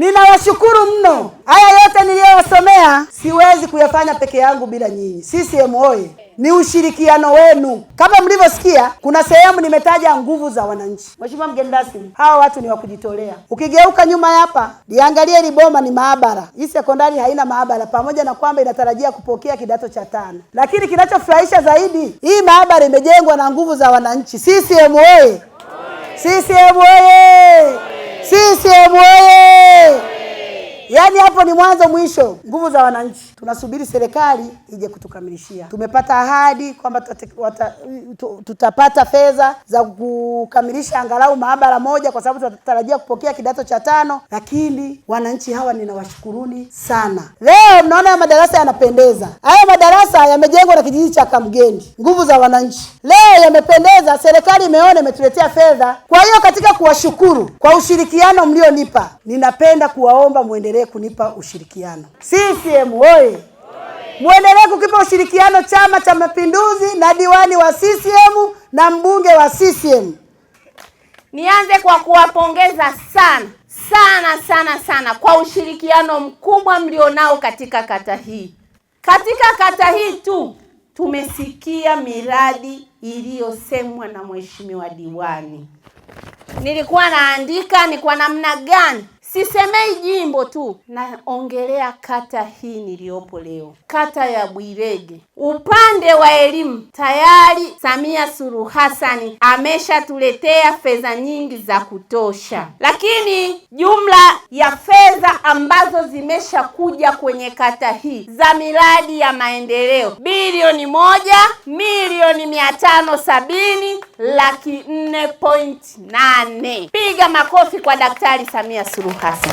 Ninawashukuru mno. Haya yote niliyowasomea siwezi kuyafanya peke yangu bila nyinyi. CCM oye! Ni ushirikiano wenu. Kama mlivyosikia, kuna sehemu nimetaja nguvu za wananchi. Mheshimiwa mgeni rasmi, hawa watu ni wa kujitolea. Ukigeuka nyuma hapa, liangalie liboma, ni maabara hii. Sekondari haina maabara, pamoja na kwamba inatarajia kupokea kidato cha tano, lakini kinachofurahisha zaidi, hii maabara imejengwa na nguvu za wananchi. CCM oye! CCM oye! CCM oye! Yaani hapo ni mwanzo mwisho, nguvu za wananchi. Tunasubiri serikali ije kutukamilishia. Tumepata ahadi kwamba tutapata fedha za kukamilisha angalau maabara moja, kwa sababu tunatarajia kupokea kidato cha tano. Lakini wananchi hawa ninawashukuruni sana. Leo mnaona madarasa yanapendeza, haya madarasa yamejengwa na kijiji cha Kamgendi, nguvu za wananchi. Leo yamependeza, serikali imeona imetuletea fedha. Kwa hiyo katika kuwashukuru kwa ushirikiano mlionipa ninapenda kuwaomba mwendelee kunipa ushirikiano. CCM oye! Mwendelee kukipa ushirikiano Chama cha Mapinduzi na diwani wa CCM na mbunge wa CCM. Nianze kwa kuwapongeza sana sana sana sana kwa ushirikiano mkubwa mlionao katika kata hii. Katika kata hii tu tumesikia miradi iliyosemwa na mheshimiwa diwani. Nilikuwa naandika ni kwa namna gani Sisemei jimbo tu, naongelea kata hii niliyopo leo, kata ya Bwirege. Upande wa elimu tayari Samia Suluhu Hassan ameshatuletea fedha nyingi za kutosha, lakini jumla ya fedha ambazo zimeshakuja kwenye kata hii za miradi ya maendeleo bilioni moja milioni mia tano sabini laki nne point nane. Piga makofi kwa Daktari Samia Suluhu Mkasa.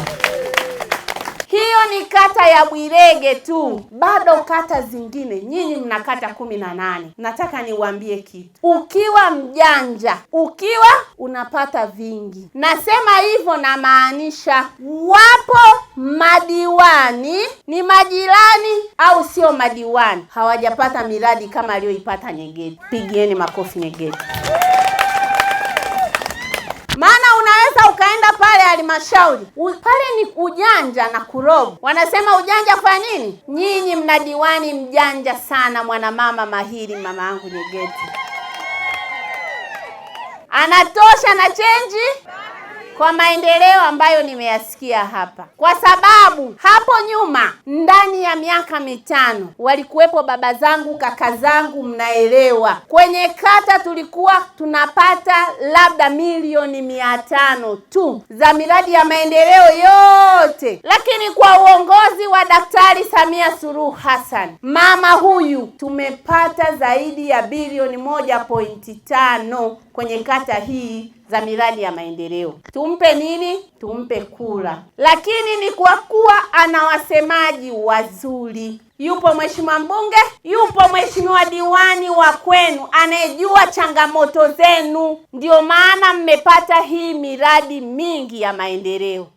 Hiyo ni kata ya Bwirege tu, bado kata zingine, nyinyi mna kata kumi na nane. Nataka niwaambie kitu, ukiwa mjanja, ukiwa unapata vingi. Nasema hivyo na maanisha, wapo madiwani ni majirani au sio madiwani, hawajapata miradi kama aliyoipata Nyegeti. Pigieni makofi Nyegeti. pale halmashauri pale ni ujanja na kurobu. Wanasema ujanja kwa nini? Nyinyi mna diwani mjanja sana, mwanamama mahiri, mama yangu Nyegeti anatosha na chenji kwa maendeleo ambayo nimeyasikia hapa, kwa sababu hapo nyuma ndani ya miaka mitano walikuwepo baba zangu, kaka zangu, mnaelewa, kwenye kata tulikuwa tunapata labda milioni mia tano tu za miradi ya maendeleo yote, lakini kwa uongozi wa Daktari Samia Suluhu Hassan, mama huyu, tumepata zaidi ya bilioni moja pointi tano kwenye kata hii za miradi ya maendeleo. Tumpe nini? Tumpe kura. Lakini ni kwa kuwa ana wasemaji wazuri, yupo mheshimiwa mbunge, yupo mheshimiwa diwani wa kwenu anayejua changamoto zenu, ndiyo maana mmepata hii miradi mingi ya maendeleo.